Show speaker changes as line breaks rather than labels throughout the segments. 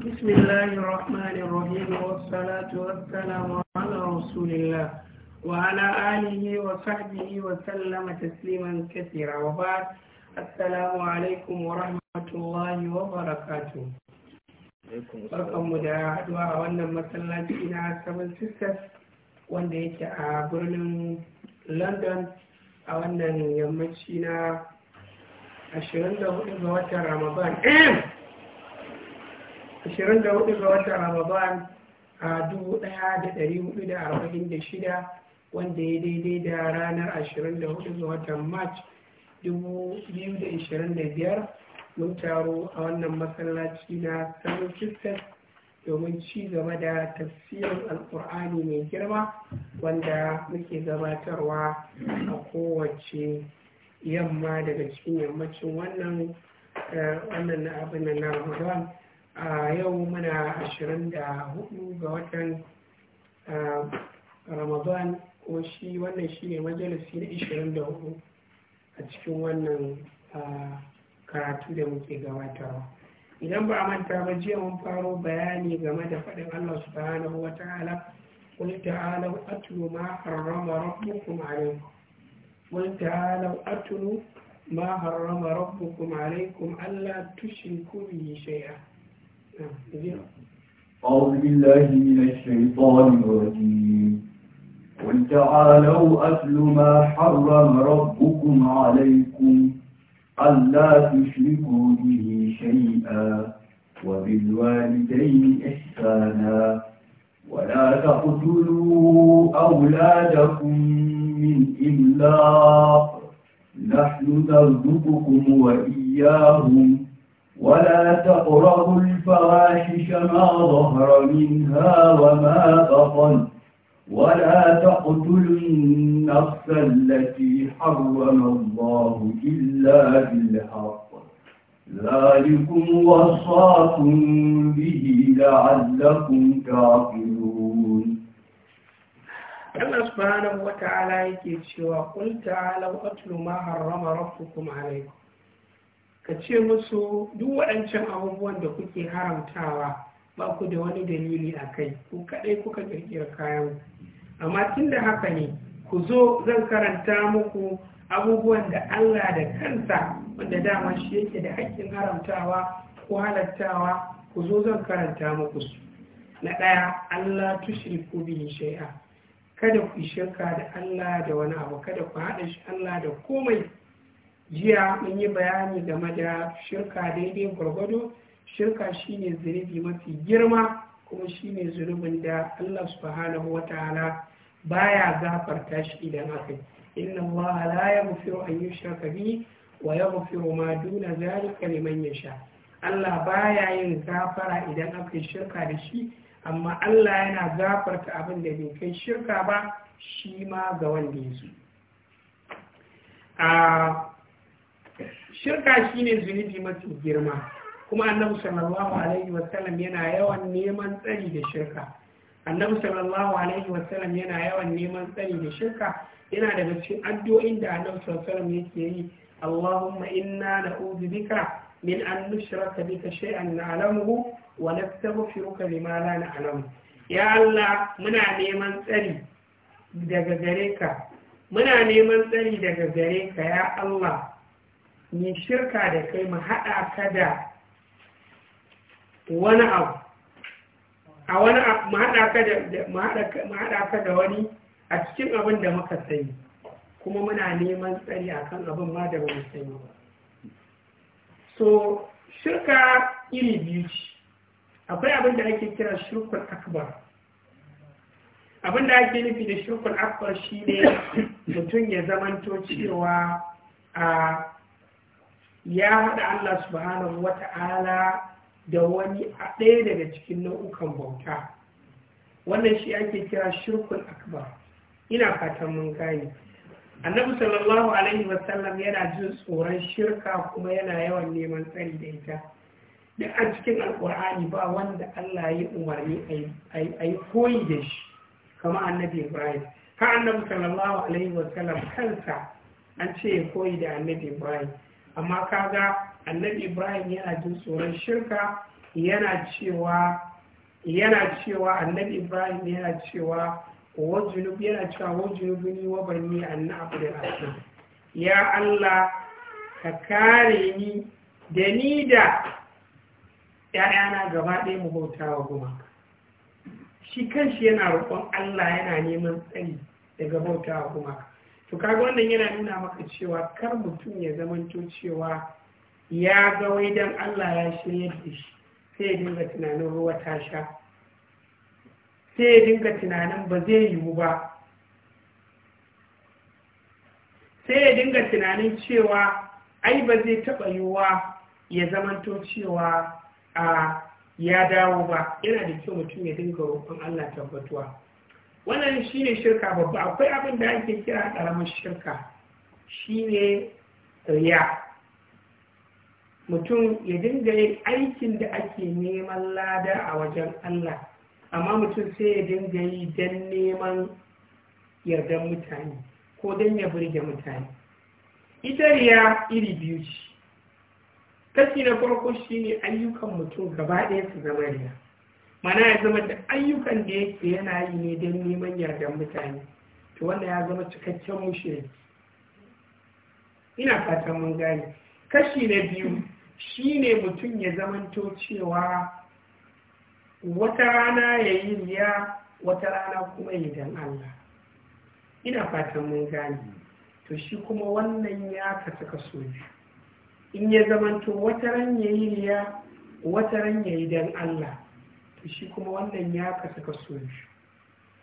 بسم الله الرحمن الرحيم والصلاة والسلام على رسول الله وعلى آله وصحبه وسلم تسليما كثيرا وبعد السلام عليكم ورحمة الله وبركاته barkanmu da haduwa a wannan masallaci na seven sisters wanda yake a birnin london a wannan yammaci na 24 ga watan ramadan 24 ga watan ramadan a 1446 wanda ya daidai da ranar 24 ga watan march 2025 mun taro a wannan masallaci na sanin sisters domin ci gaba da tafsirin alkur'ani mai girma wanda muke gabatarwa a kowace yamma daga cikin yammacin wannan eh, wannan na abin na ramadan a yau muna 24 ga watan ramadan ko shi wannan shi ne majalisi na 24 a cikin wannan karatu da muke gabatarwa idan ba a manta ba jiya mun faro bayani game da faɗin allah subhanahu wa ta'ala قل تعالوا أتل ما حرم ربكم عليكم قل تعالوا ما حرم ربكم عليكم ألا تشركوا به شيئا أعوذ بالله من الشيطان الرجيم قل تعالوا أتل ما حرم ربكم عليكم ألا تشركوا به شيئا وبالوالدين إحسانا ولا تقتلوا أولادكم من إملاق نحن نرزقكم وإياهم ولا تقربوا الفواحش ما ظهر منها وما بطن ولا تقتلوا النفس التي حرم الله إلا بالحق ذلكم وصاكم به لعلكم تعقلون الله سبحانه وتعالى يكشف سوى قل تعالوا أتلوا ما حرم ربكم عليكم ka ce musu duk waɗancan abubuwan da kuke haramtawa ba ku da wani dalili a kai ku kaɗai kuka ƙirƙira kayan amma tun da haka ne ku zo zan karanta muku abubuwan da allah da kansa wanda dama shi yake da haƙƙin haramtawa ko halattawa ku zo zan karanta muku su na ɗaya allah tushriku bihi shai'a kada ku shirka da allah da wani abu kada ku haɗa shi allah da komai jiya mun yi bayani game da shirka daidai gwargwado shirka shine zunubi mafi girma kuma shine zunubin da Allah subhanahu wataala baya gafarta shi idan haka inna Allah la yaghfiru an yushraka bi wa yaghfiru ma duna zalika liman yasha Allah baya yin gafara idan aka shirka da shi amma Allah yana gafarta abin da bai kai shirka ba shi ma ga wanda ya A. Ah, shirka shine zunubi mafi girma kuma annabi sallallahu alaihi wasallam yana yawan neman tsari da shirka annabi sallallahu alaihi wasallam yana yawan neman tsari da shirka yana daga cikin addu'o'in da annabi sallallahu alaihi wasallam yake yi Allahumma inna na'udhu bika min an nushraka bika shay'an na'lamuhu wa nastaghfiruka lima la ya Allah muna neman tsari daga gare ka muna neman tsari daga gare ka ya Allah ni shirka da kai mu haɗa ka da wani abu a wani abu mu haɗa ka da wani a cikin abin da muka sani kuma muna neman tsari a abin ma da bamu sani so shirka iri biyu ce akwai abin da ake kira shirkul akbar abin da ake nufi da shirkul akbar shi ne mutum ya zamanto cewa a ya haɗa Allah subhanahu wa ta'ala da wani a ɗaya daga cikin nau'ukan bauta wannan shi ake kira shirkul akbar ina fatan mun gane annabi sallallahu alaihi wasallam yana jin tsoron shirka kuma yana yawan neman tsari da ita duk a cikin alkur'ani ba wanda Allah ya umarni a yi koyi da shi kama annabi ibrahim ka annabi sallallahu alaihi wasallam kansa an ce ya koyi da annabi ibrahim amma kaga annabi ibrahim yana jin tsoron shirka yana cewa yana cewa annabi ibrahim yana cewa wajinu yana cewa wajinu junubuni wa annabi da ya allah ka kare ni da ni da ‘ya'yana gaba ɗaya mu bauta wa goma shi kanshi yana roƙon allah yana neman tsari daga bauta wa goma to kaga wannan yana nuna maka cewa kar mutum ya zamanto cewa ya ga wai dan Allah ya shirya da shi sai ya dinga tunanin ruwa ta sha sai ya dinga tunanin ba zai yiwu ba sai ya dinga tunanin cewa ai ba zai taɓa yiwuwa ya zamanto cewa a ya dawo ba yana da kyau mutum ya dinga roƙon Allah tabbatuwa wannan shi ne shirka babba akwai abin da ake kira ƙaramin shirka shi ne riya mutum ya dinga yin aikin da ake neman lada a wajen Allah amma mutum sai ya dinga yi don neman yardan mutane ko don ya burge mutane ita riya iri biyu ce kashi na farko shi ne ayyukan mutum gaba ɗaya su zama riya mana ya zama da ayyukan da yake yana yi ne don neman yardar mutane to wanda ya zama cikakken mushe. ina fatan mun gane kashi na biyu shine mutum ya zamanto cewa wata rana ya yi riya wata rana kuma idan Allah ina fatan mun gane to shi kuma wannan ya kasu kaso in ya zamanto wata ran ya yi riya wata ran ya yi dan Allah shi kuma wannan ya kasu kaso shi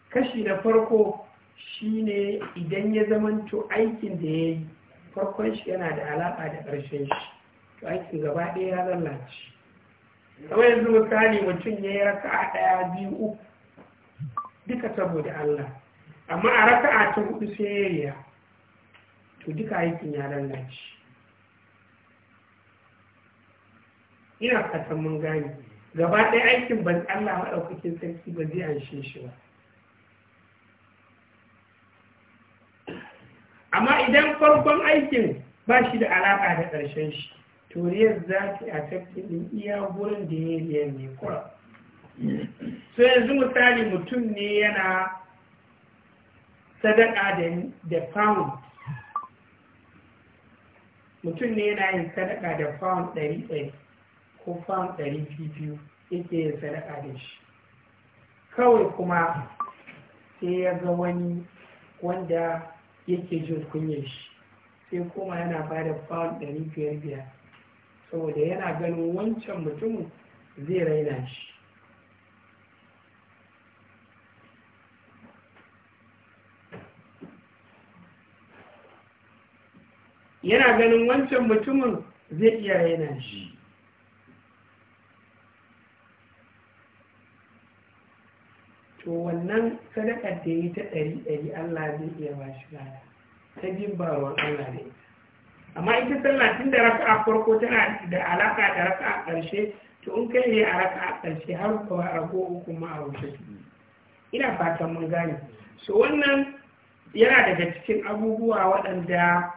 kashi na farko shine idan ya zamanto aikin da ya yi farkon shi yana da alaƙa da ƙarshen shi to aikin gaba ɗaya ya lalace kama yanzu misali mutum ya yi a ɗaya biyu uku duka saboda Allah amma a raka'a ta hudu sai ya riya to duka aikin ya lalace ina fatan mun gane gaba ɗaya aikin ban Allah maɗaukakin sarki ba zai an shi ba amma idan farkon aikin ba shi da alaƙa da ƙarshen shi to za ki a tafi ɗin iya gurin da ya yi ne kura so yanzu misali mutum ne yana sadaka da pound mutum ne yana yin sadaka da pound ɗari ɗari ko fam ɗari biyu yake ya sadaka da shi kawai kuma sai ya ga wani wanda yake jin kunyar shi sai kuma yana ba da fam ɗari biyar biyar saboda yana ganin wancan mutumin zai raina shi yana ganin wancan mutumin zai iya raina shi to wannan sadaka da yi ta ɗari ɗari Allah zai iya ba shi lada ta jin bawan Allah ne amma ita sallah tun da raka'a farko tana da alaka da raka'a ƙarshe to in kai ne a raka'a ƙarshe har ka rago uku ma a wuce ina fatan mun gane so wannan yana daga cikin abubuwa waɗanda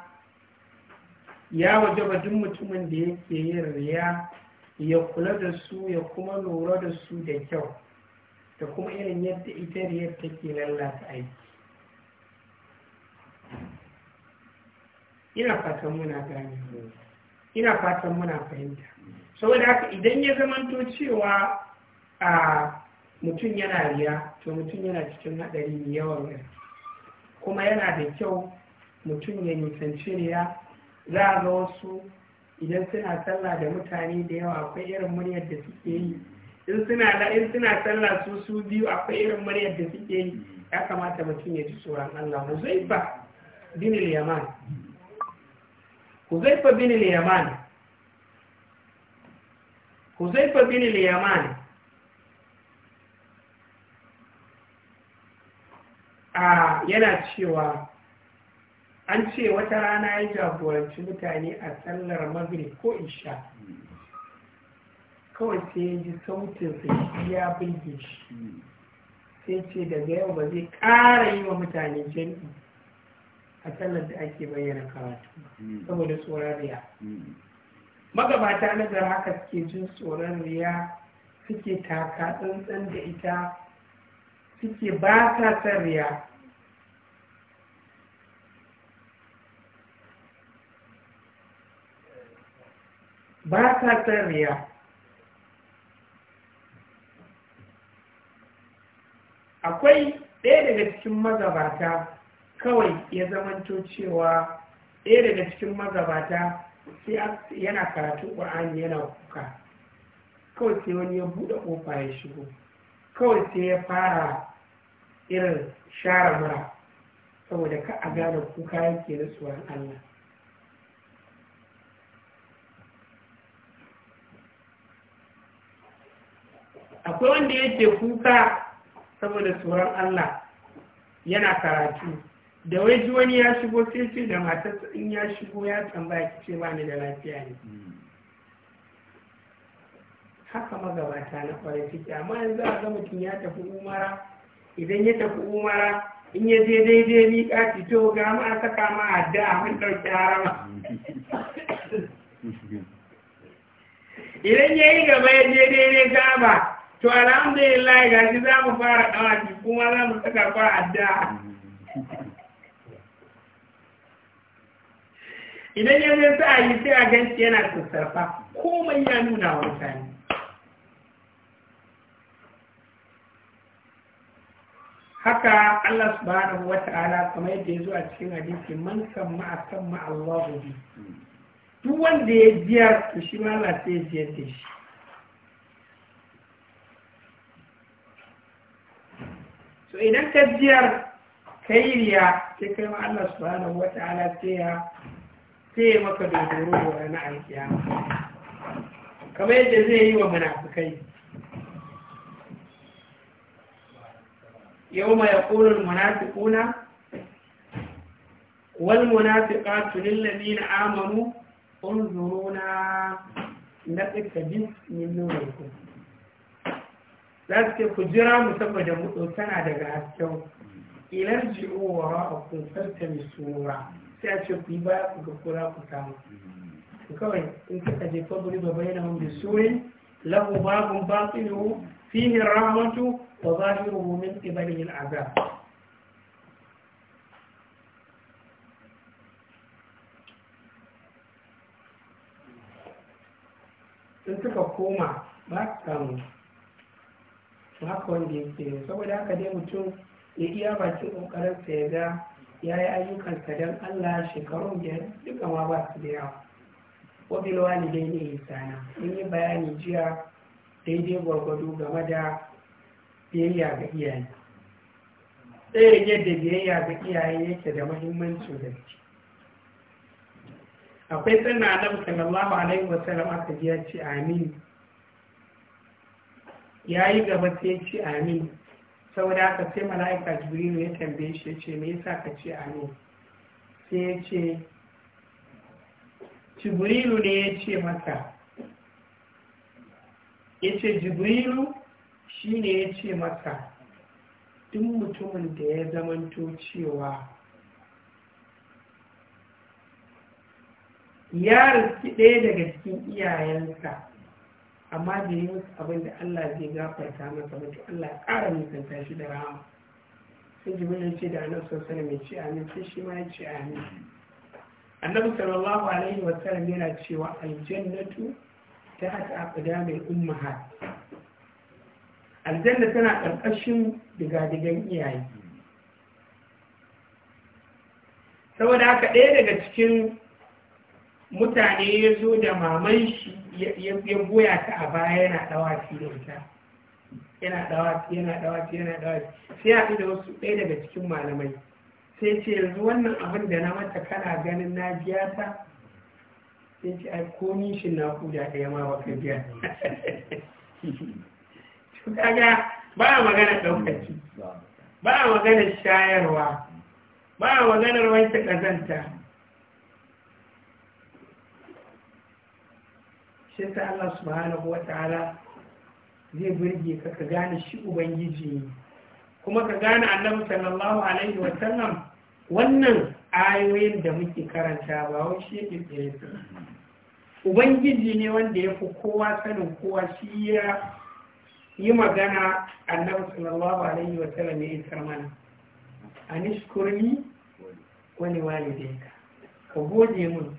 ya wajaba duk mutumin da yake yin riya ya kula da su ya kuma lura da su da kyau da kuma irin yadda ita riyar take lallata aiki ina fatan muna gane ina fatan muna fahimta saboda haka idan ya zamanto cewa a mutum yana riya to mutum yana cikin haɗari mai yawan kuma yana da kyau mutum ya nisanci riya za a ga wasu idan suna sallah da mutane da yawa akwai irin muryar da suke yi in suna da in suna sallah su su biyu akwai irin muryar da suke yi ya kamata mutum ya ji tsoron Allah ba bin al-Yaman fa bin al-Yaman fa bin al-Yaman a yana cewa an ce wata rana ya jagoranci mutane a sallar magrib ko isha kawai sai ya ji sautinsa shi ya birge shi sai ce daga yau ba zai ƙara yi wa mutane jami'i a sannan da ake bayyana karatu saboda tsoron riya magabata na zara haka suke jin tsoron riya suke taka tsantsan da ita suke ba sa san riya ba sa san riya akwai ɗaya daga cikin magabata kawai ya zamanto cewa ɗaya daga cikin magabata sai yana karatun ƙur'ani yana kuka kawai sai wani ya buɗe ƙofa ya shigo kawai sai ya fara irin share mura saboda ka a gane kuka yake da tsoron Allah akwai wanda yake kuka saboda tsoron Allah yana karatu da wai ji wani ya shigo sai da matar in ya shigo ya tambaya ki ce bani da lafiya ne haka magabata na kwarai fita. amma yanzu a ga mutum ya tafi umara idan ya tafi umara in ya je daidai miƙa fito ga ma a saka ma adda mun harama idan ya yi gaba ya je daidai gaba to alhamdulillah ga shi za mu fara dawaki kuma za mu saka fa adda idan ya zai sa yi sai a ganci yana sassarfa komai ya nuna wa mutane haka Allah subhanahu wa ta'ala kamar yadda ya zo a cikin hadisi man samma a samma Allah duk wanda ya biya to shi ma Allah sai ya biyar da shi to idan ka jiyar kairiya, yi ta kai ma Allah su ba wata ala ta ya maka dodoro da wani alkiya kamar yadda zai yi wa munafikai yau mai kunin munafikuna wal munafika tunin lami na amanu unzuruna na tsakabin milionai kuma za su ce ku jira mu saboda mu tana daga hasken ilar ji'o wa ra'akun sarta mai sura sai a ce ku yi baya ku ga kura ku samu to kawai in kaka je fabri ba bayyana hun bisurin lahu babun batinu fihi rahmatu wa zahiruhu min qibalihi al'azab sun suka koma ba su samu haka wanda ya yau saboda haka dai mutum ya iya bakin sa ya ga ya yi ayyukansa don allah shekarun biyar duka ma ba su da yawa wabil walidai ne sana in yi bayani jiya daidai gwargwado game da biyayya ga iyaye tsayin yadda biyayya ga iyaye yake da muhimmancin gaske akwai tsanna annabi sallallahu alaihi wasallam aka ji ya ce amin ya yi gaba sai ce amin saboda aka sai mala'ika jibrilu ya tambaye shi ya ce me yasa ka ce amin sai ya ce jibrilu ne ya ce masa ya ce jibrilu shi ne ya ce masa duk mutumin da ya zamanto cewa ya riski ɗaya daga cikin iyayensa amma da yi wasu abin da Allah zai gafarta masa ba to Allah ya ƙara nisanta shi da rama sai jibril ya ce da annabi sallallahu mai ci ya ce amin sai shi ma ya ce amin annabi sallallahu alaihi wasallam yana cewa aljannatu ta hata aqdamil ummahat aljanna tana ƙarƙashin digadigan iyaye saboda haka ɗaya daga cikin mutane ya zo da maman shi ya goya ta a baya yana dawaki da ita yana dawaki yana dawaki yana dawaki sai haɗu da wasu ɗaya daga cikin malamai sai ce yanzu wannan abin da na mata kana ganin na biya ta sai ce ai ko nishin na kuda ɗaya ma ba ka biya kaga ba a magana ɗaukaki ba a magana shayarwa ba a maganar wanke ƙazanta shi ta Allah subhanahu wa ta'ala zai burge ka ka gane shi ubangiji ne kuma ka gane annabi sallallahu alaihi wa sallam wannan ayoyin da muke karanta ba wai shi yake tsere ubangiji ne wanda ya fi kowa sanin kowa shi ya yi magana annabi sallallahu alaihi wa sallam ya isar mana anishkurni wani walidai ka ka gode mun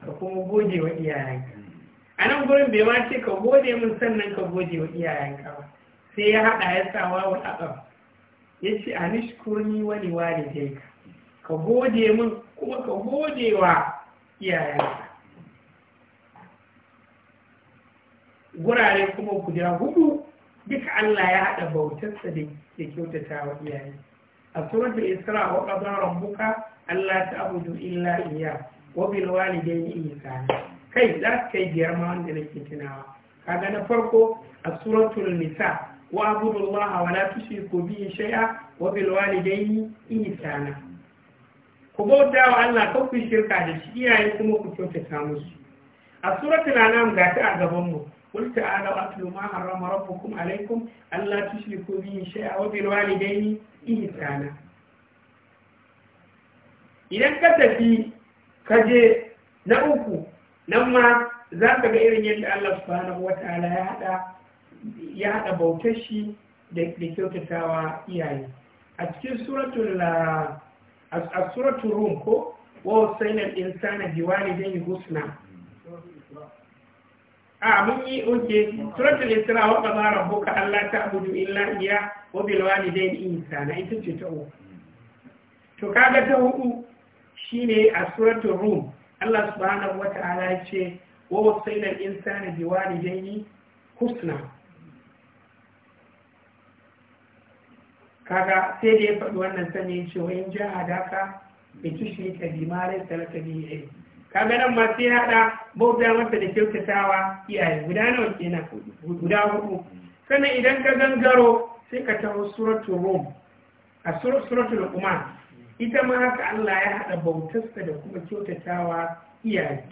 ka kuma gode wa iyayenka a nan gurin bai ma ce ka gode min sannan ka gode wa ka ba sai ya haɗa ya wawa a aɗam ya ce a nishkurni wani walidai ka ka gode min kuma ka gode wa ka. gurare kuma guda hudu duka Allah ya haɗa bautarsa da ke kyautata wa iyaye a suratul isra wa qadara rabbuka alla ta'budu illa iyyah wa bil walidayni ihsana kai za su kai biyar ma wanda nake tunawa kaga na farko a suratul nisa wa abudullaha wa la tushriku bihi shay'a wa bil walidayni ihsana ku bauta wa Allah kan ku shirka da shi iyaye kuma ku kyautata musu a suratul anam ga ta a gaban mu قل تعالوا أتل ما حرم ربكم عليكم ألا تشركوا به شيئا وبالوالدين إحسانا idan ka tafi ka na uku nan ma za ka ga irin yadda Allah subhanahu wa ta'ala ya hada bautar shi da kyautatawa iyaye a cikin suratul la a suratul rum ko wa wasaina al-insana biwalidayhi husna a mun yi oke suratul isra wa qadara rabbuka alla ta'budu illa iyyah wa bil walidayni ihsana ita ce ta uku to kaga ta hudu shine a suratul rum Allah subhanahu wa ta'ala ya ce wa wasaina insani bi biwalidayhi husna kaga sai da ya faɗi wannan sani ya ce wa in ja hadaka bi ka bi ma laysa bi ai kaga nan ma sai hada bauta masa da kyautatawa iyaye guda nawa kenan guda hudu sannan idan ka gangaro sai ka taho suratul rum a suratul ita ma haka Allah ya haɗa bautarsa da kuma kyautatawa iyaye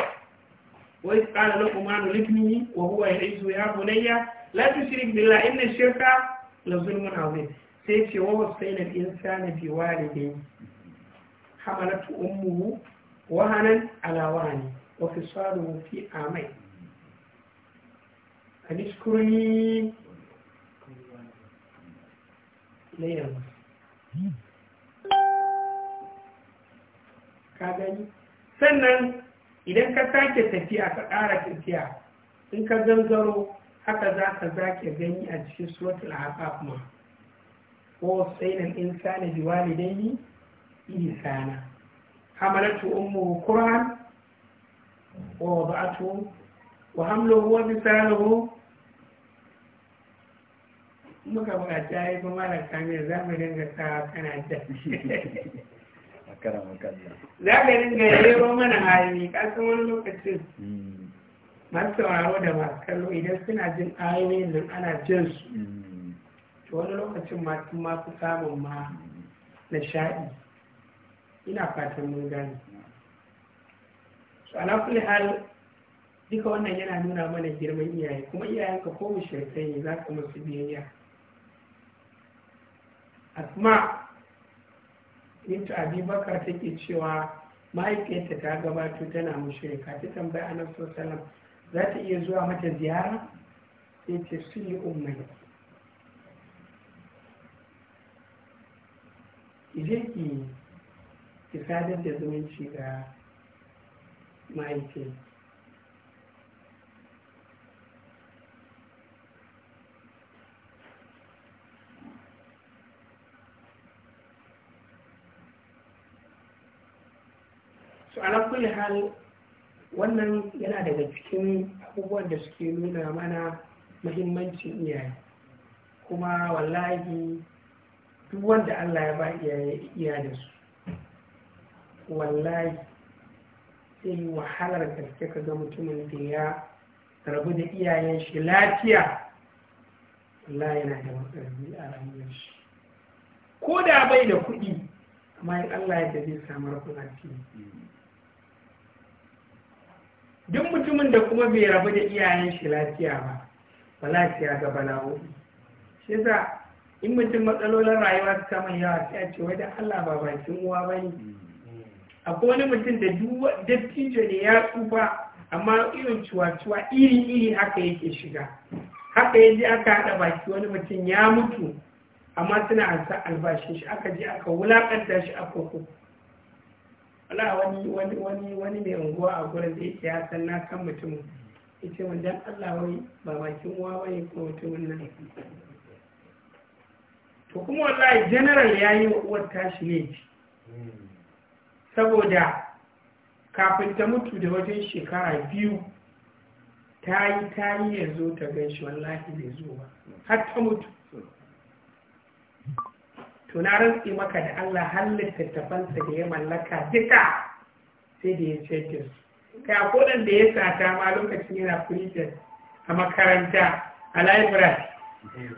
wai tsara umaru libnihi wa huwa ya iso ya bunayya la shirik billahi inna shirka la zulmun azim sai ce wa wasaina al bi walidayhi hamalatu ummuhu wahanan ala wahani wa fisaluhu fi amai an ishkurni ka gani sannan idan ka sake tafiya ka ƙara tafiya in ka gangaro haka za ka zake gani a cikin suwata ahqaf ma ko sai nan in sayyidul insani biwalidayni ihsana حملته أمه كرها ووضعته وحمله وبساله muka buƙaci yi kuma da kamar za mu dinga sa kana da shi. za ka ringa yero mana ayoyi kasan wani lokacin mm. masu sauraro da masu kallo idan suna jin ayoyin nan ana jin su mm. to wani lokacin masu mafi samun ma na sha'i ina fatan mun gani ala kulli hal duka wannan yana nuna mana girman iyaye kuma iyayenka ko mushrikai ne za ka musu biyayya asma ta abubakar take cewa mahaifiyarta ta gabato tana mushrika ta tambaya annabi sallallahu za ta iya zuwa mata ziyara sai ce sulli ummai idan ki ki sadar da zumunci ga mahaifiyarki To ala kulli hal wannan yana daga cikin abubuwan da suke nuna mana muhimmancin iyaye kuma wallahi duk wanda Allah ya ba iyaye iya da su wallahi sai wahalar gaske ka ga mutumin da ya rabu da iyayen shi lafiya wallahi yana da matsaloli a rayuwar shi ko da bai da kuɗi amma in Allah ya zai samar ku lafiya duk mutumin da kuma bai rabu da iyayen shi lafiya ba ba lafiya ga balao shi za in mutum matsalolin rayuwa su kama yawa sai a ce wai Allah ba bakin uwa ba ne akwai wani mutum da dattijo ne ya tsufa amma irin cuwa cuwa iri-iri haka yake shiga haka yaji aka haɗa baki wani mutum ya mutu amma suna ansa albashin shi aka je aka wulaƙanta shi a kurkuku wala wani wani wani wani mai unguwa a gurin da ce ya san na kan mutum yace mun dan Allah wai ba bakin uwa bane ko mutumin nan to kuma wallahi general yayi wa uwar tashi ne saboda kafin ta mutu da wajen shekara biyu ta yi ta yi ya zo ta gan shi wallahi bai zo ba har ta mutu to na rantsi maka da Allah har littattafansa da ya mallaka duka sai da ya ce su kai a kodan da ya sata ma lokacin yana prison a makaranta a library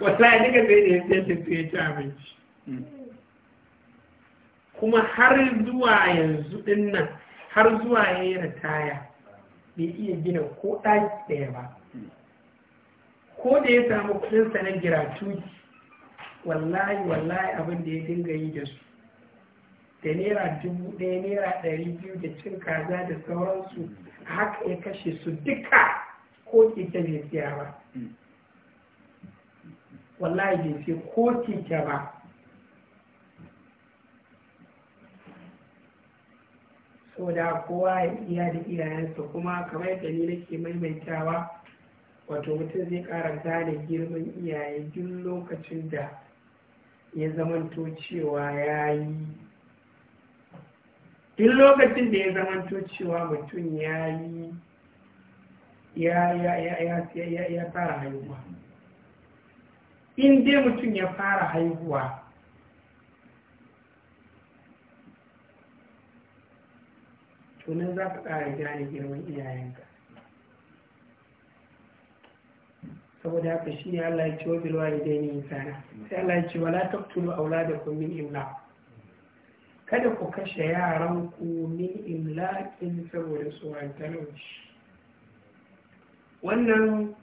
wasu ya duka sai da ya cece su ya ci abinci kuma har zuwa yanzu din nan har zuwa ya yi ritaya bai iya gina ko ɗaki ɗaya ba ko da ya samu kuɗinsa na giratuti wallahi wallahi abin da ya dinga yi da su da naira dubu ɗaya naira ɗari biyu da cin kaza da sauransu haka ya kashe su duka ko keke bai siya ba wallahi bai siya ko keke ba da kowa ya iya da iyayensa kuma kamar da ni nake maimaitawa wato mutum zai ƙara gane girman iyaye duk lokacin da ya zamanto cewa ya yi duk lokacin da ya zamanto cewa mutum ya yi ya fara haihuwa in mutum ya fara haihuwa tunan za ka ƙara gane girman iyayenka saboda haka shi ne Allah ya ce wa bilwa idan sana sai Allah ya ce wa la taqtulu da kumin imla kada ku kashe yaran ku min in saboda tsoron talauci wannan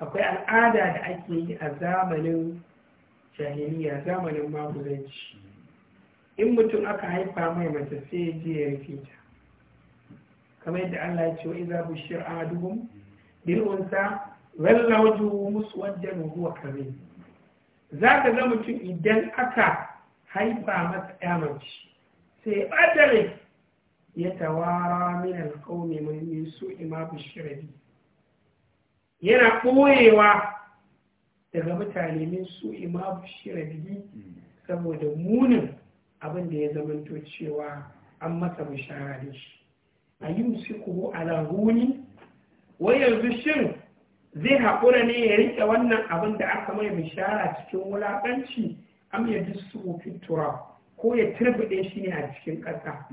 akwai al'ada da ake yi a zamanin jahiliya zamanin maguzanci in mutum aka haifa mai mace sai ya je ya rufe ta kamar yadda Allah ya ce wa iza bushir ahaduhum bil unsa walla wajuhu wajen wa huwa karim zaka ga mutum idan aka haifa masa yamanci sai ya ya tawara min alƙaumi min su'i ma bishirabi yana ɓoyewa daga mutane min su'i ma bishirabi saboda munin abin da ya zamanto cewa an masa bishara da shi a yi a ala huni wai yanzu shirin zai haƙura ne ya riƙe wannan abin da aka mai bishara cikin wulaƙanci am ya ji su ko ya turbiɗe shi ne a cikin ƙasa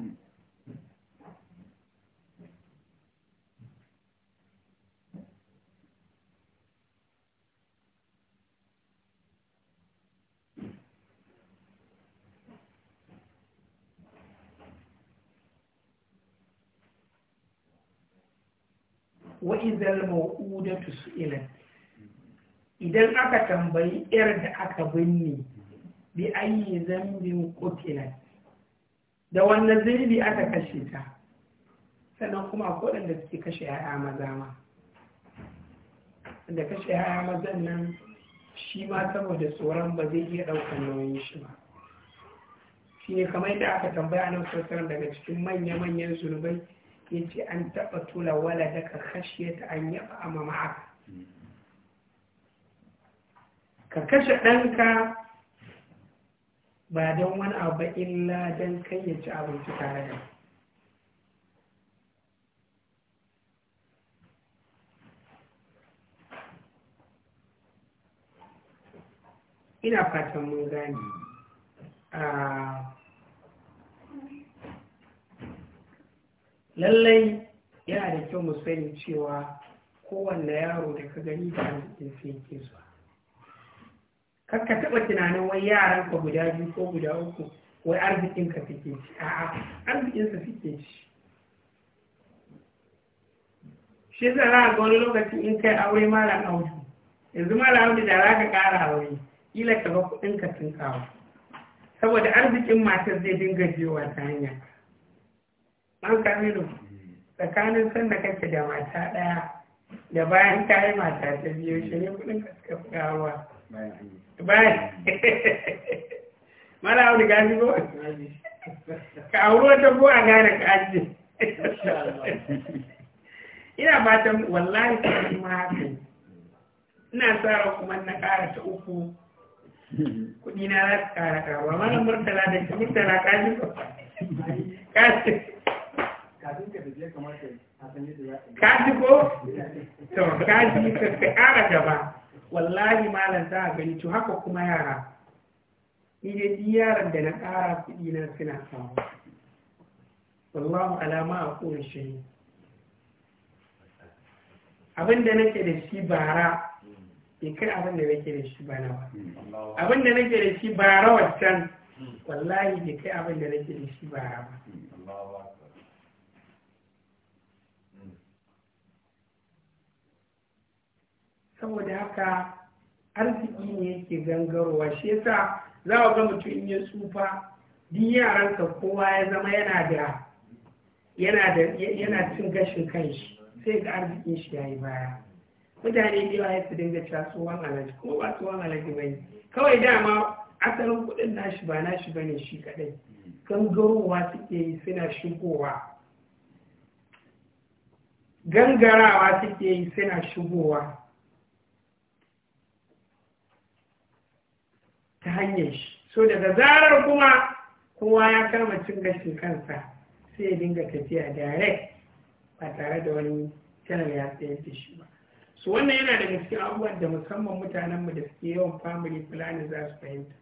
wa idal su ina, idan aka tambayi yar da aka binne bi ayi zambin qutilat da wannan zirbi aka kashe ta sannan kuma koɗin da suke kashe yaya maza ma da kashe yaya mazan nan shi ma saboda tsoron ba zai iya ɗaukar nauyin shi ba shi ne kamar yadda aka tambaya nan sosai daga cikin manya-manyan zunubai Yace an taɓa tula wala daga kashe ta an yaɓa a ma'aka ka kashe ɗanka ba don wani abu ba illa don kai ya ci abinci tare da ina fatan mun gane ah, lallai yana da kyau mu sani cewa kowanne yaro da ka gani da arzikin sai zuwa kar ka taɓa tunanin wai yaran ka guda biyu ko guda uku wai arzikin ka suke ci a'a arzikin sa fike ci shi zan ra ga wani lokacin in kai aure malam Audu, yanzu malam audu da za ka ƙara aure kila ka ga kuɗin ka tun kawo saboda arzikin matar zai dinga jewa ta hanya an kamilu tsakanin da kake da mata ɗaya da bayan ka yi mata ta biyu shirin kudin ka suka fi gawa bayan mala abu da gaji ko ka auro ta ko a gane ka aji ina fatan wallahi ta yi haka ina sa ran kuma na ƙara ta uku kuɗi na za su ƙara ƙaruwa mana murtala da murtala kaji ko kaji kaji ko to kaji ka ƙara gaba wallahi malam za a gani to haka kuma yara inda ji yaran da na ƙara kuɗi na suna samu wallahu alama a kowane Abin da nake da shi bara bai kai abin da nake da shi bana ba Abin da nake da shi bara waccan wallahi bai kai abin da nake da shi bara ba saboda haka arziki ne yake gangarowa shi yasa za ga mutum ya tsufa duk yaransa kowa ya zama yana da yana cin gashin kanshi sai ga arzikin shi yayi baya mutane da yawa su dinga cewa tsohon alaji kuma ba tsohon alaji ba ne kawai dama asalin kuɗin nashi ba nashi ba ne shi kaɗai gangarowa suke yi suna shigowa gangarawa suke yi suna shigowa ta hanyar shi so daga zarar kuma kowa ya kama cin gashin kansa sai ya dinga tafiya direct ba tare da wani channel ya tsayar da shi ba su wannan yana daga cikin abubuwan da musamman mutanenmu da suke yawan family planning za su fahimta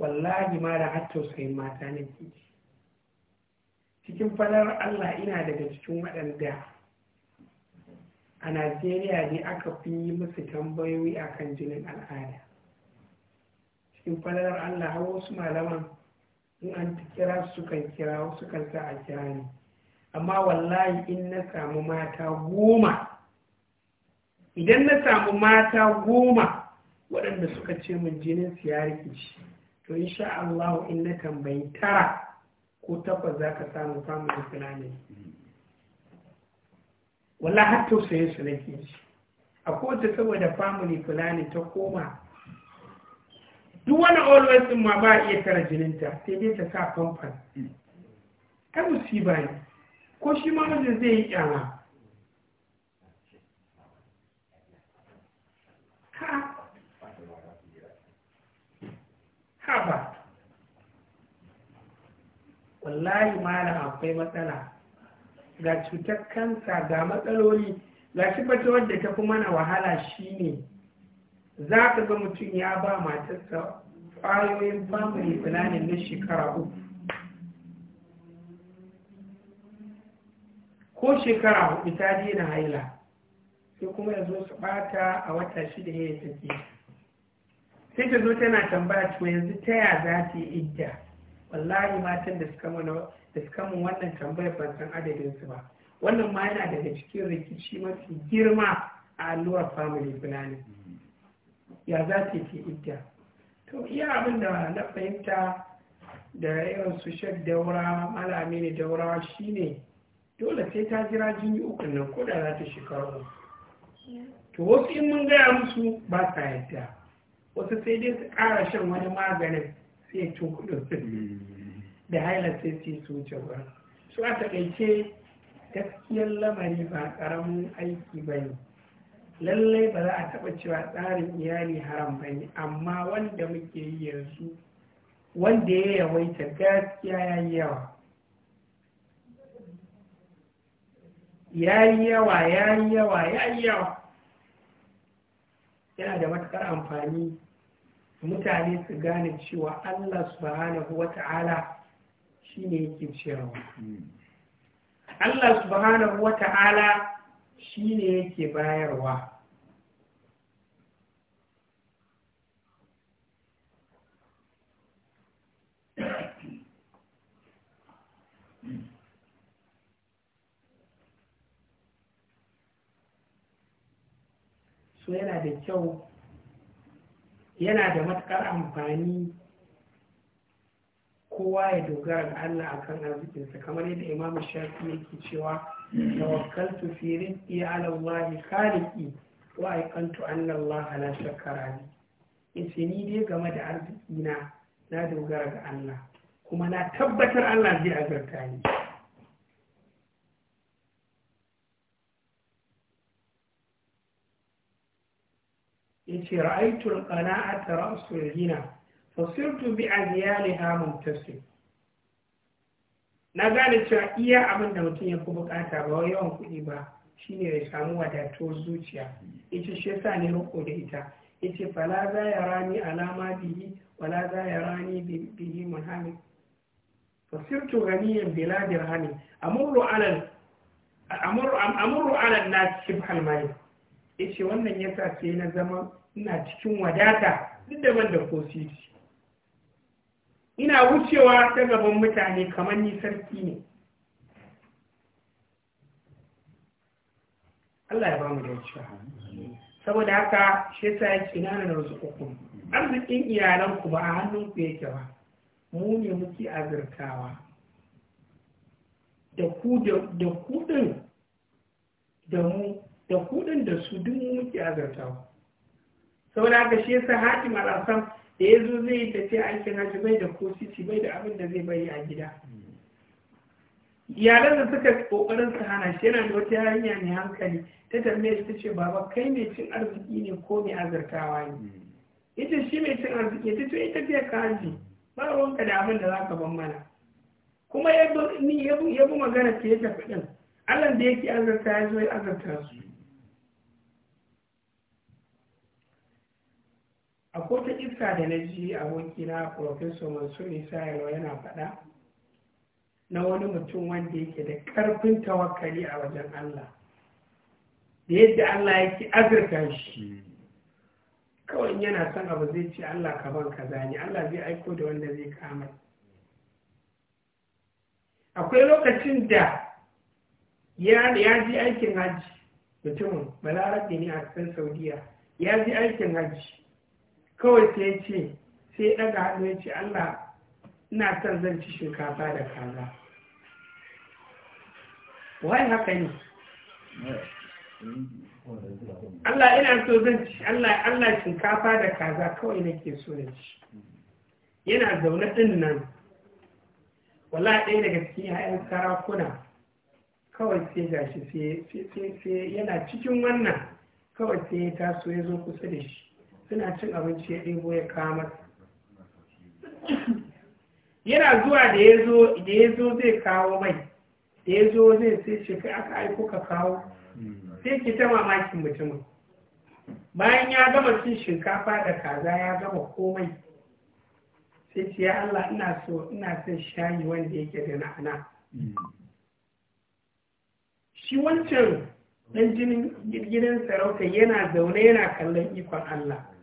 wallahi ma da har tausayin mata na ke cikin falar allah ina daga cikin waɗanda a najeriya ne aka fi yi musu tambayoyi akan jinin al'ada in falalar Allah har wasu malaman in an ta kira su kan kira wasu kan sa a kira ni amma wallahi in na samu mata goma idan na samu mata goma waɗanda suka ce min jinin su ya rikici to insha Allah in na tambayi tara ko takwas za ka samu samun da fulani wallahi har tausaye su nake shi a kowace saboda family fulani ta koma duk wani always ma ba iya tara jininta sai dai ta sa famfan ta mm. musiba ne ko shi ma mijin zai yi kyama ha ha ba wallahi malam akwai matsala ga cutar kansa ga matsaloli ga shi fata wadda ta fi mana wahala shine za ka ga mutum ya ba matarsa ƙwayoyin famili planning na shekara uku ko shekara hudu ta na haila sai kuma ya zo su bata a wata shida ya tafi. sai ta zo tana tambaya cewa yanzu ta ya za ta yi idda wallahi matan da suka mana mun wannan tambayar ban san adadin su ba wannan ma yana daga cikin rikici mafi girma a allurar family planning ya za ta ke idda to iya abin da na fahimta da yawan su shek daura malami ne daura shine dole sai ta jira jini uku nan ko da za ta shekaru to wasu in mun gaya musu ba sa yadda wasu sai dai su kara shan wani maganin sai ya ci da haila sai su yi wuce ba su a taƙaice gaskiyar lamari ba karamin aiki ba ne lallai ba za a taɓa cewa tsarin iyali haram ba ne amma wanda muke yi yanzu wanda ya yawaita gaskiya ya yi yawa ya yi yawa ya yi yawa ya yi yawa yana da matuƙar amfani mutane su gane cewa allah subhanahu wa ta'ala shi ne yake ciyarwa hmm. allah subhanahu wa ta'ala shi ne yake bayarwa su yana da kyau yana da matuƙar amfani kowa ya dogara ga Allah akan arzikinsa kamar yadda imamu shafi yake cewa tawakkaltu fi rizqi ala Allah khaliqi wa aikantu anna Allah la shakara ni yace ni dai game da arziki na na dogara ga Allah kuma na tabbatar Allah zai azurta ni yace ra'aytu al-qana'ata ra'sul ghina fasirtu bi adyaliha muntasib na gane cewa iya abin da mutum ya fi bukata ba wai yawan kuɗi ba shi ne ya samu wadatuwar zuciya ita shi yasa ne roƙo da ita yace fala za ya rani alama bihi wala za ya rani bihi muhammad fasirtu ganiyan bila dirhami amurru alal amurru alal na shibhal mali yace wannan yasa sai na zama ina cikin wadata duk da ban da ko siti ina wucewa ta gaban mutane kamar ni sarki ne Allah ya ba mu dace saboda haka shi yasa ya ce nana wasu uku arzikin iyalanku ba a hannunku yake ba mu ne muke azurtawa da ku da kudin da mu da kudin da su duk mu muke azurtawa saboda haka shi sa hakim al-asam da ya zo zai tafiya aikin hajji bai da ko sisi bai da abin da zai bari a gida iyalan da suka kokarin su hana shi yana da wata yarinya mai hankali ta tambaye shi tace baba kai mai cin arziki ne ko mai azurtawa ne ita shi mai cin arziki ta ce ita fiye ka hajji ba ruwanka da abin da zaka ban mana kuma ya bi magana ta ya tafi din Allah da yake azurta ya zo ya azurta su a iska da na ji abokina professor mansur isa'ila yana faɗa na wani mutum wanda yake da ƙarfin tawakkali a wajen allah da yadda allah yake azurta shi kawai yana son abu zai ce allah kaban kaza ne allah zai aiko da wanda zai kama akwai lokacin da ya ji aikin hajji mutumin balarabe ne a cikin saudiya ya ji aikin hajji kawai sai ce sai daga hannu ya ce allah ina son zan ci shinkafa da kaza wai haka ne Allah ina so zan ci Allah Allah shinkafa da kaza kawai nake so na ci yana zaune din nan wala ɗaya daga cikin ƴaƴan sarakuna kawai sai gashi sai yana cikin wannan kawai sai ya taso ya zo kusa da shi suna cin abinci ya ɗebo ya kama yana zuwa da ya zo da ya zo zai kawo mai da ya zo zai sai shi kai aka aiko ka kawo sai ki ta mamakin mutumin bayan ya gama cin shinkafa da kaza ya gama komai sai ce ya Allah ina so ina son shayi wanda yake da na'ana shi wancan ɗan jinin gidan sarauta yana zaune yana kallon ikon Allah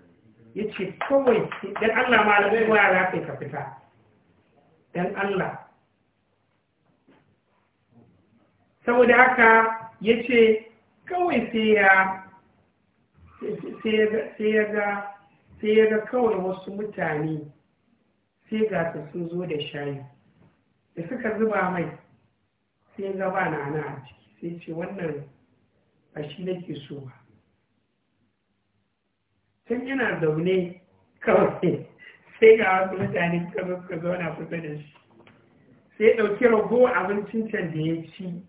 ya ce kawai dan Allah malamai waya za ka ka fita dan Allah saboda haka yace ce kawai sai ya ga kawai wasu mutane sai ga su sun zo da shayi da suka zuba mai sai ya ga ba na ana a ciki sai ce wannan a shi nake so tun yana zaune kawai sai ga wasu mutane suka zo suka zauna kusa da shi sai ya ɗauki rago abincin can da ya ci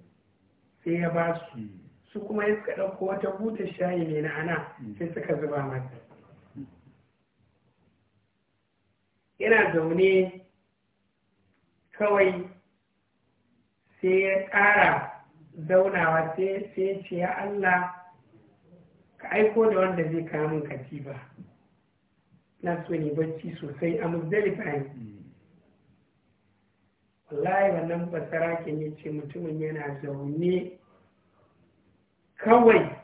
sai ya ba su hmm. su kuma ya suka ɗauko wata buta shayi mai na'ana hmm. sai suka zuba mata. yana zaune kawai sai ya ƙara zaunawa sai ya ce ya Allah ka aiko da wanda zai kawo min katifa na so ne bacci sosai a muzdalifa ne wallahi wannan basara ke ne ce mutumin yana zaune kawai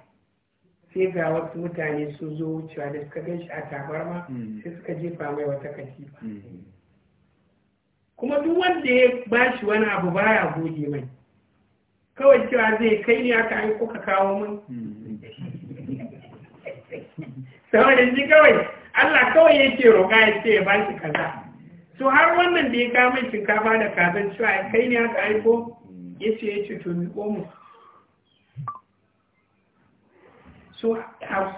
sai ga wasu mutane su zo wucewa da suka gan shi a tabarma mm. sai suka jefa mai wata katifa mm. kuma duk wanda ya ba shi wani abu baya goge mai kawai cewa zai kai ne aka aiko ka kawo min mm. saboda shi kawai Allah kawai yake roƙa ya ce ya ba shi kaza to har wannan da ya kama shinkafa da kazan cewa kai ne aka aiko ya ce ya ce to mi mu so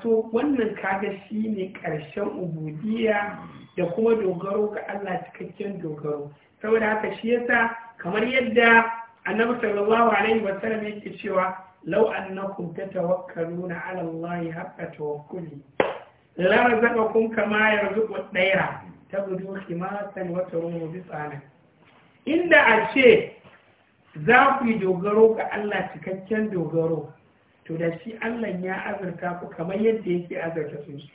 so wannan kaga shi ne ƙarshen ubudiya da kuma dogaro ga Allah cikakken dogaro saboda haka shi yasa kamar yadda annabi sallallahu alaihi wasallam yake cewa law annakum tatawakkaluna ala Allah haqqa tawakkuli lara zaka kun kama yanzu ku ɗaira ta gudu kimatan wata rumu bi tsana inda a ce za ku yi dogaro ga Allah cikakken dogaro to da shi Allah ya azurta ku kamar yadda yake azurta su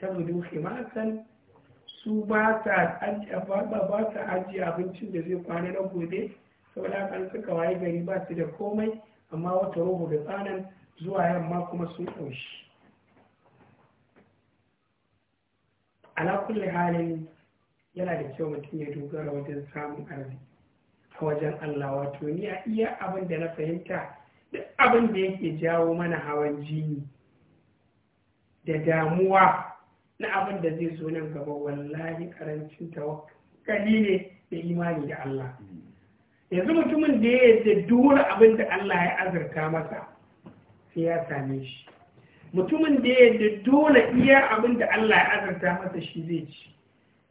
ta gudu kimatan su ba ta ajiye abincin da zai kwana na gobe saboda da an suka waye gari ba su da komai amma wata ruhu da tsanan zuwa yamma kuma sun ƙoshi ala kulli halin yana da kyau mutum ya dogara wajen samun arziki a wajen Allah wato ni a iya abin da na fahimta da abin da yake jawo mana hawan jini da damuwa na abin da zai zo nan gaba wallahi karancin tawakkali ne da imani da Allah yanzu mutumin da ya yadda dole abin da Allah ya azurta masa sai ya same shi mutumin da ya dole iya abin da Allah ya azarta masa shi zai ci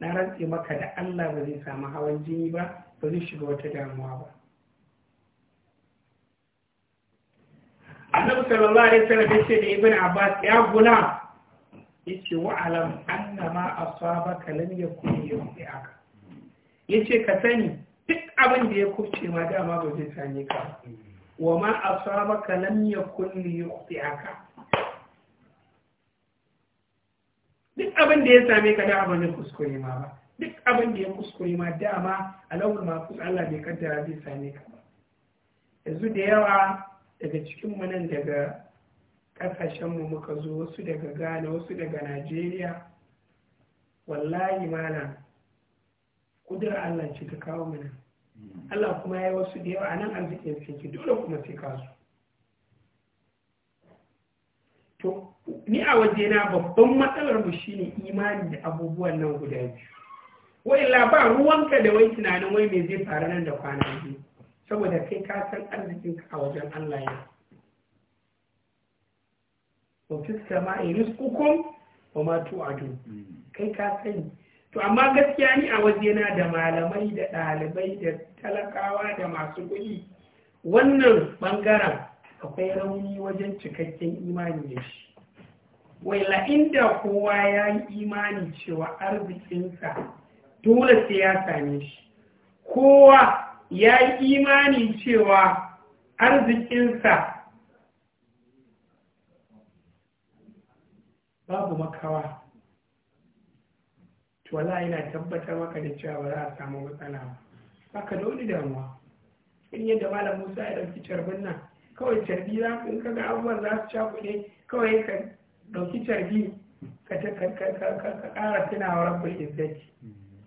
na rantse maka da Allah ba zai samu hawan jini ba ba zai shiga wata damuwa ba annabi sallallahu alaihi wasallam ya ce da ibn abbas ya gula yace wa alam anna ma asabaka lam yakun yusiaka yace ka sani duk abin da ya kufce ma dama ba zai sani ka wa ma asabaka lam yakun yusiaka duk abin da ya same ka da abin da kuskure ma ba duk abin da ya kuskure ma dama alawul mafus Allah bai kaddara zai same ka ba yanzu da yawa daga cikin mu nan daga kasashen mu muka zo wasu daga Ghana wasu daga Najeriya wallahi mana kudura Allah ce ta kawo mana hmm. Allah kuma ya yi wasu da yawa a nan arzikin sai dole kuma sai kasu to ni a wajena babban matsalar mu shine imani da abubuwan nan guda biyu wai ba ruwanka da wai tunanin wai me zai faru nan da kwana biyu saboda kai ka san arzikinka a wajen Allah ya wa kama sama'i rizqukum wa ma tu'adun kai ka sani to amma gaskiya ni a wajena da malamai da ɗalibai da talakawa da masu kuɗi wannan ɓangaren akwai rauni wajen cikakken imani da shi wai la'inda kowa ya yi imani cewa arzikinsa dole sai ya same shi kowa ya yi imani cewa arzikinsa babu makawa to yana tabbatar maka da cewa ba za a samu matsala ba ka damuwa in yadda malam musa ya ɗauki carbin nan kawai carbi za ka ka ga abubuwan za su cakuɗe kawai ka ɗauki carbi ka ƙara tunawa rabbul izzati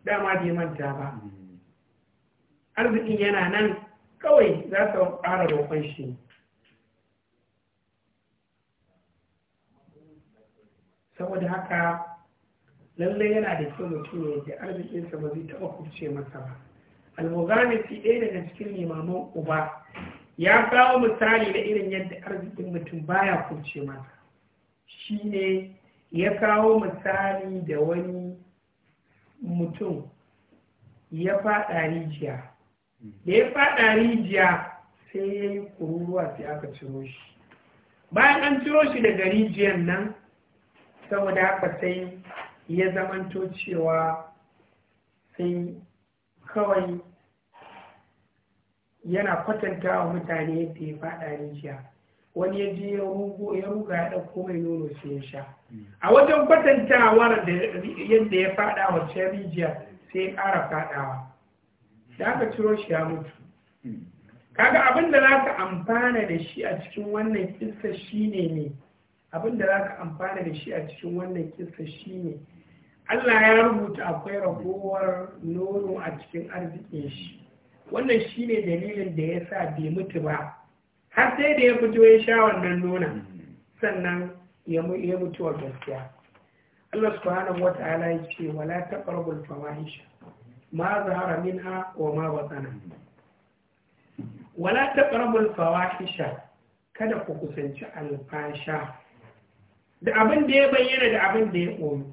dama bai manta ba arzikin yana nan kawai za ka ƙara roƙon shi saboda haka lallai yana da kyau mutum ya ji arzikinsa ba zai taɓa kuce masa ba al-mughani fi ɗaya daga cikin limaman uba ya kawo misali da irin yadda arzikin mutum baya kurce shi shine ya kawo misali da wani mutum ya faɗa rijiya da ya faɗa rijiya sai ya yi kururuwa sai aka ciro shi bayan an ciro shi daga rijiyar nan saboda aka sai ya zamanto cewa sai kawai yana kwatanta wa mutane yadda ya faɗa rijiya wani ya je ya ruga ya ɗauko mai nono sai ya sha a wajen kwatantawar da yadda ya faɗa wancan rijiya sai ya ƙara faɗawa da aka ciro shi ya mutu kaga abin da za ka amfana da shi a cikin wannan kissa shine ne abin da za amfana da shi a cikin wannan kissa ne Allah ya rubuta akwai ragowar nono a cikin arzikin shi wannan shi ne dalilin da ya sa bai mutu ba har sai da ya fito ya sha wannan nuna sannan ya mutu a gaskiya Allah subhanahu wata'ala ya ce wala taqrabul fawahish ma zahara minha wa ma batana wala taqrabul fawahisha kada ku kusanci alfasha da abin da ya bayyana da abin da ya koyi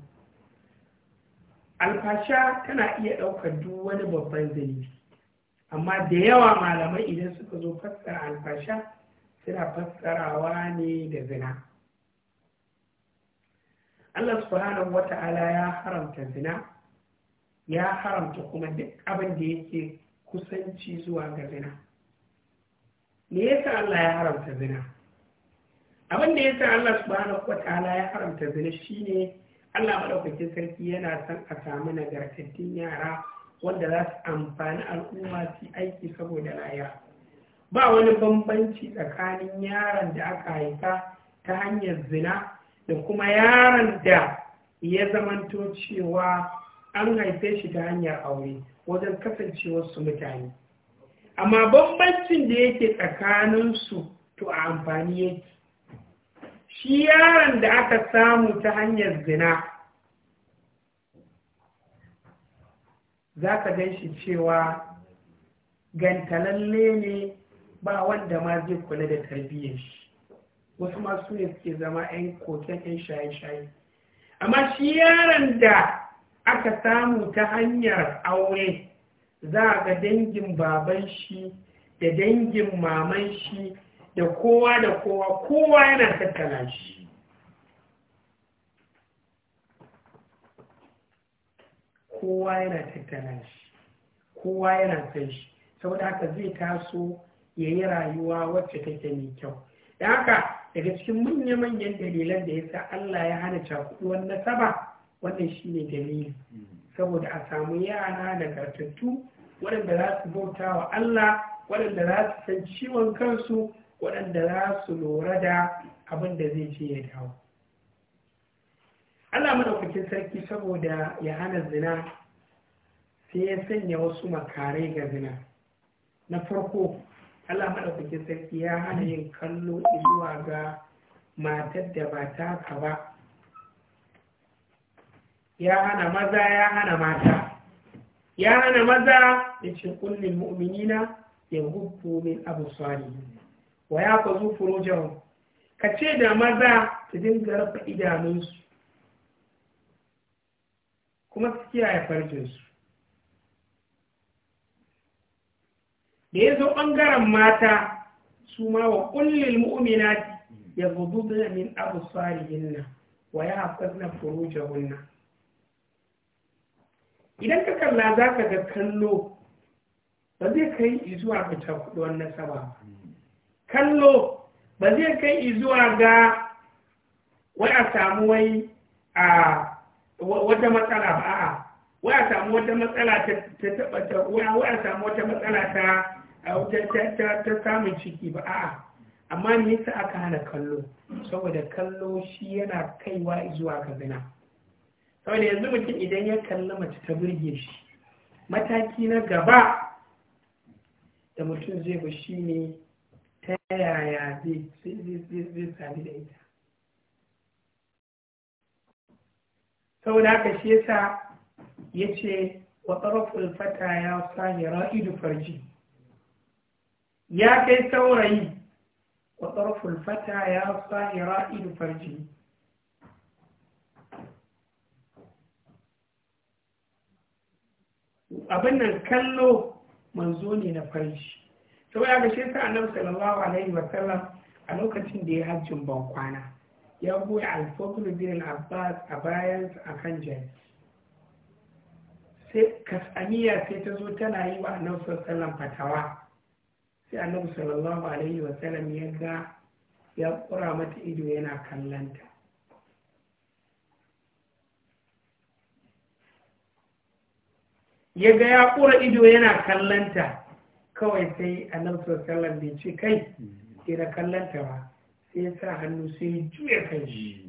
alfasha tana iya ɗaukar duk wani babban zanibi amma da yawa malamai idan suka zo fassara alfasha suna fassarawa ne da zina Allah subhanahu Ta'ala ya haramta zina ya haramta kuma duk abin da yake kusanci zuwa ga zina me yasa Allah ya haramta zina abin da yasa Allah subhanahu Ta'ala ya haramta zina shine Allah madaukakin sarki yana son a samu nagartattun yara wanda za su amfani al'umma su aiki saboda lahira ba wani bambanci tsakanin yaron da aka haifa ta hanyar zina da kuma yaron da ya zamanto cewa an haife shi ta hanyar aure wajen kasancewar su mutane amma bambancin da yake tsakaninsu to a amfani yake shi yaron da aka samu ta hanyar zina za ka gan shi cewa gantalalle ne ba wanda ma zai kula da tarbiyyar shi wasu masu ne suke zama 'yan koken 'yan shaye-shaye amma shi yaron da aka samu ta hanyar aure za a ga dangin baban shi da dangin maman shi da kowa da kowa kowa yana tattala shi kowa yana tattala shi kowa yana san shi saboda haka zai taso ya yi rayuwa wacce take mai kyau da haka daga cikin manya-manyan dalilan da ya sa Allah ya hana cakuɗuwar nasaba wannan shi ne dalili saboda a samu yana da nagartattu waɗanda za su bauta wa Allah waɗanda za su san ciwon kansu waɗanda za su lura da abin da zai ce ya dawo Allah madaukakin sarki saboda ya hana zina sai ya sanya wasu makarai ga zina na farko Allah madaukakin sarki ya hana yin kallo zuwa ga matar da ba ka ba ya hana maza ya hana mata ya hana maza ya ce kullum mu'minina ya hukku min abu swari wa ya kwazo furojan ka ce da maza su dinga rufe idanunsu kuma su kiyaye farjinsu da ya zo ɓangaren mata su ma wa ƙullil mu'uminati ya zubu min abu sarihinna wa ya furuja furujahunna idan ka kalla za ka ga kallo ba zai kai izuwa ga wannan nasaba kallo ba zai kai izuwa ga wai a samu wai a wata matsala ba a'a wai samu wata matsala ta tabbata wai a samu wata matsala ta ta samun ciki ba a amma me yasa aka hana kallo saboda kallo shi yana kaiwa zuwa ga zina saboda yanzu mutum idan ya kalli mace ta burge shi mataki na gaba da mutum zai ba shi ne ta yaya zai sami da ita saboda haka shi yasa ya ce wa tsarafin fata ya sani ra'idu farji ya kai saurayi wa tsarafin fata ya sani ra'idu farji abin nan kallo manzo ne na farji saboda haka shi yasa annabi sallallahu alaihi wasallam a lokacin da ya hajjin ban kwana ya goya alfakul bin abbas a bayansa a kan jami sai kasaniya sai ta zo tana yi wa annabi sallallahu fatawa sai annabi sallallahu alaihi wasallam ya ga ya kura mata ido yana kallanta ya ga ya kura ido yana kallanta kawai sai annabi sallallahu bai ce kai ke da kallanta ba sai ya sa hannu sai juya kan shi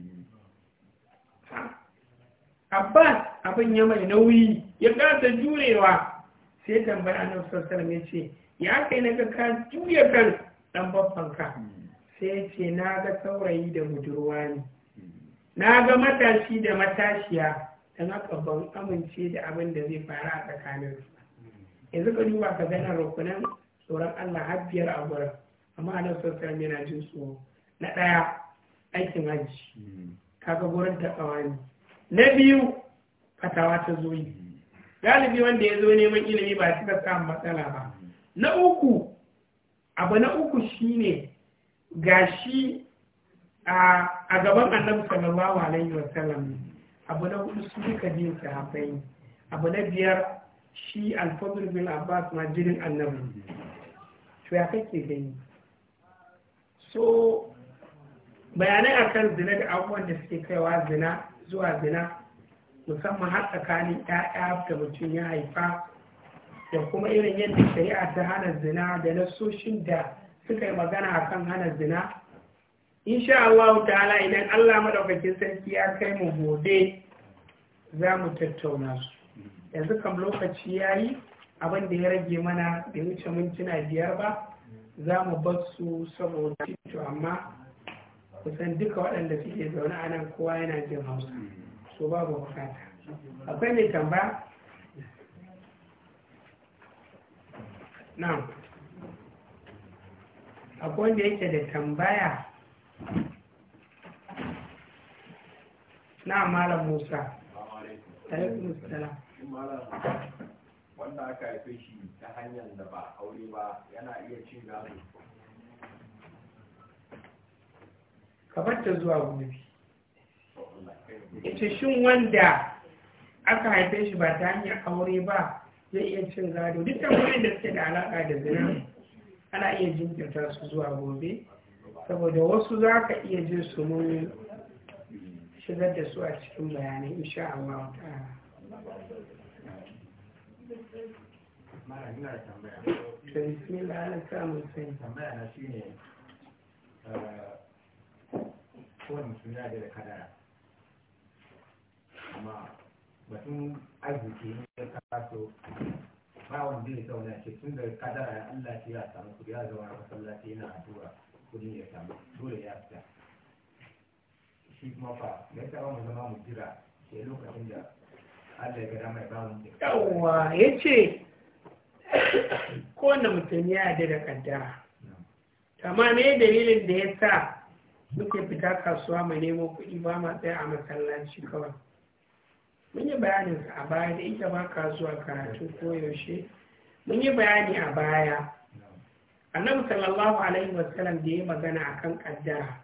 abbas abin ya mai nauyi ya kasa jurewa sai tambaya nan sassan ya ce ya kai na ga ka juya kan dan babbanka sai ya ce na ga saurayi da budurwa ne na ga matashi da matashiya don haka ban amince da abin da zai faru a tsakanin su yanzu ka duba ka gana rukunan tsoron allah har biyar a gurin amma nan sassan yana jin tsoro na ɗaya aikin hajji hmm. kaga gurin taɓawa ne na biyu fatawa ta zo yi hmm. galibi wanda ya zo neman ilimi ba ka samun matsala ba hmm. na uku abu na uku shine gashi a gaban annabi sallallahu alaihi wasallam abu na hudu su duka biyu sahabbai abu na biyar shi alfadul bin abbas majirin annabi to ya kake gani so bayanai akan zina da abubuwan da suke kaiwa zina zuwa zina musamman har tsakanin ‘ya'ya da mutum ya haifa da kuma irin yadda shari'a ta hana zina da nasoshin da suka yi magana akan hana zina insha Allah ta'ala idan Allah maɗaukakin sarki ya kai mu gobe za mu tattauna su yanzu kam lokaci ya yi abin da ya rage mana da wuce mintuna biyar ba za mu bar su saboda amma kusan duka waɗanda suke zaune a nan kowa yana jin hausa so babu bukata akwai mai tamba na akwai wanda yake da tambaya na malam musa wanda aka haife shi ta hanyar da ba aure ba yana iya cin gado kamar ta zuwa bi ita shin wanda aka haife shi ba ta hanyar aure ba zai iya cin gado duk tambayoyin da suke da alaƙa da zina ana iya jinkirta su zuwa gobe saboda wasu za ka iya jin su mun shigar da su a cikin bayanai insha Allah ta'ala mara ina kowane mutum yana da kadara amma batun arziki ya kaso ba wanda ya zauna ce tun da kadara ya Allah ce ya samu kudi ya zama a masallaci yana addu'a kudi ya samu dole ya fita shi kuma fa me yasa mu zama mu jira ke lokacin da Allah ya ga mai ba mu ya ce kowane mutum ya yi da kadara. amma me dalilin da ya sa muke fita kasuwa mai nemo kuɗi ba ma tsaye a masallaci kawai mun yi bayanin a baya da ita ba kasuwa karatu ko yaushe mun yi bayani a baya annabi sallallahu alaihi wasallam da ya magana akan kaddara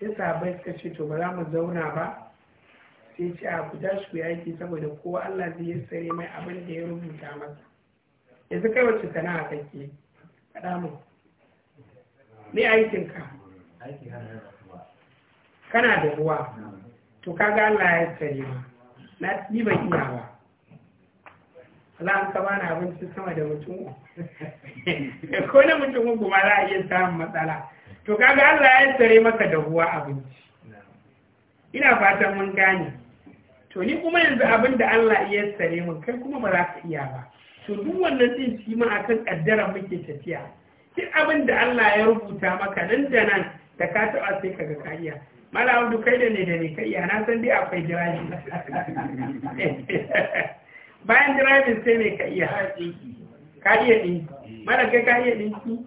sai sabai suka ce to ba za mu zauna ba sai ce a ku tashi ku saboda ko Allah zai yi sare mai abin da ya rubuta masa yanzu kai wacce sana'a kake faɗa mu aikin aikinka kana da uwa to kaga Allah ya tsare ma na ni ba iya ba Allah an ka bani abinci sama da mutum ko na mutum ku ma za a iya samun matsala to kaga Allah ya tsare maka da uwa abinci ina fatan mun gane to ni kuma yanzu abin da Allah ya tsare mun kai kuma ba za ka iya ba to duk wannan din shi ma akan kaddara muke tafiya duk abin da Allah ya rubuta maka nan da nan da ka taɓa sai kaga ka mala abdu kai da ne da ne ka iya na san dai akwai jirabi bayan jirabin sai ne ka iya ka iya eh. mala kai ka iya ɗinki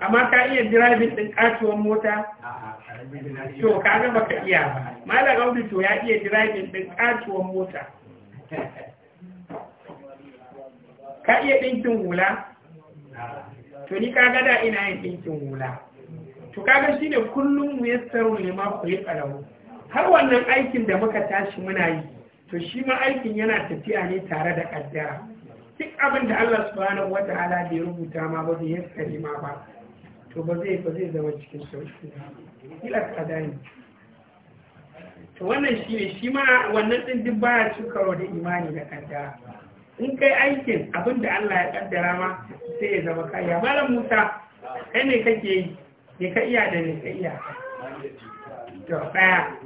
amma ka iya jirabin ɗin kasuwan mota to ka ga ka iya ba mala abdu to ya iya jirabin ɗin kasuwan mota ka iya ɗinkin hula to ni ka gada ina yin ɗinkin hula to kaga shine kullum mu yassaru ne ma ku yi alamu har wannan aikin da muka tashi muna yi to shi ma aikin yana tafiya ne tare da kaddara duk abin da Allah subhanahu wataala bai rubuta ma ba zai yassare ma ba to ba zai ba zai zama cikin sauki ila kadai to wannan shi ne shi ma wannan din duk baya cikaro da imani da kaddara in kai aikin abin da Allah ya kaddara ma sai ya zama ya malam Musa kai ne kake yi me ka iya da me ka iya to ɗaya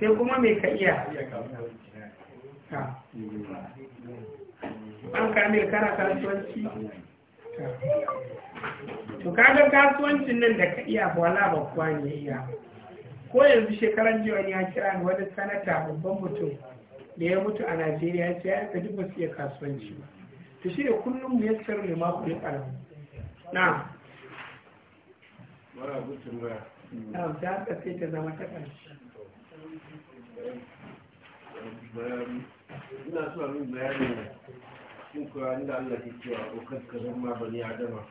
sai kuma me ka iya an kamil kana kasuwanci to kaga kasuwancin nan da ka iya ba wala ba kuwa ne iya ko yanzu shekaran jiya ya kira ni wani sanata babban mutum da ya mutu a najeriya ce ya ka duk ba su iya kasuwanci ba to shi da kullum mu sayar ne ma ku yi na na da haka sai ta zama ta ƙarshe ina so a min bayanin cikin kuwa inda Allah ke cewa ko kaskarin ma ni adama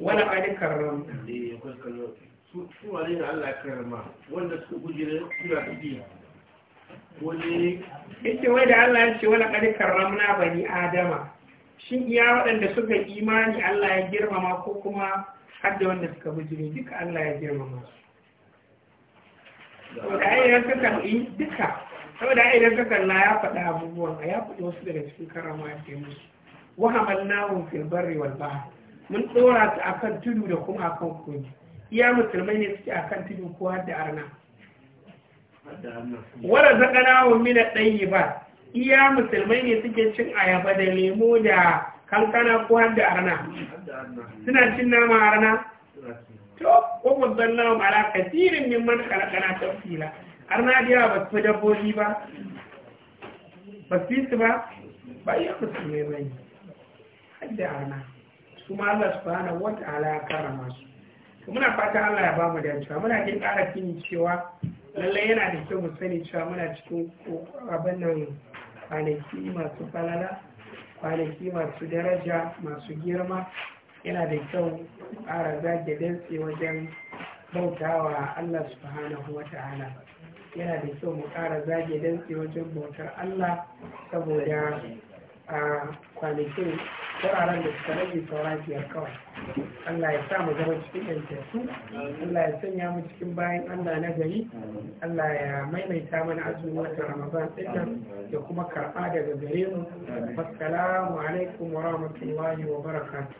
wani ƙari karram ne eh, kaskarin su wane ne Allah ya karama wanda su gujire suna tuki wani ita wai da Allah ya ce wani ƙari karram na ni adama shin iya waɗanda suka imani Allah ya girmama ko kuma har da wanda suka bujiro duka Allah ya girmama su saboda ai idan ka kalli eh, duka saboda ai idan ka kalla ya faɗa abubuwan a ya faɗi wasu daga cikin karama ya kai musu wa namun fil barri wal bahr mun dora su kan tudu da kuma kan kogi iya musulmai ne suke a kan tudu ko har da arna wala zakana wa mina ɗanyi ba. iya musulmai ne suke cin ayaba da lemo da kankana ko har da arna suna cin nama arna to ko mudan na ma ala kasirin min man kalakana fila arna dia ba su dabbobi ba ba su su ba ba ya musulmai ne har da arna kuma Allah subhanahu wa ta'ala ya karama su to muna fata Allah ya ba mu da cewa muna kin kara kin cewa lallai yana da kyau mu sani cewa muna cikin abin nan kwanaki masu falala kwanaki masu daraja masu girma yana da kyau ƙara zage dantse wajen bautawa Allah subhanahu wa ta'ala yana da kyau mu ƙara zage dantse wajen bautar Allah saboda a kwanakin wuraren da suka rage saura ya kawai Allah ya sa mu zama cikin yantattu Allah ya sanya mu cikin bayan Allah na gari Allah ya maimaita mana azumi wata Ramadan ɗin da kuma karɓa daga gare mu assalamu alaikum wa rahmatullahi wa barakatuh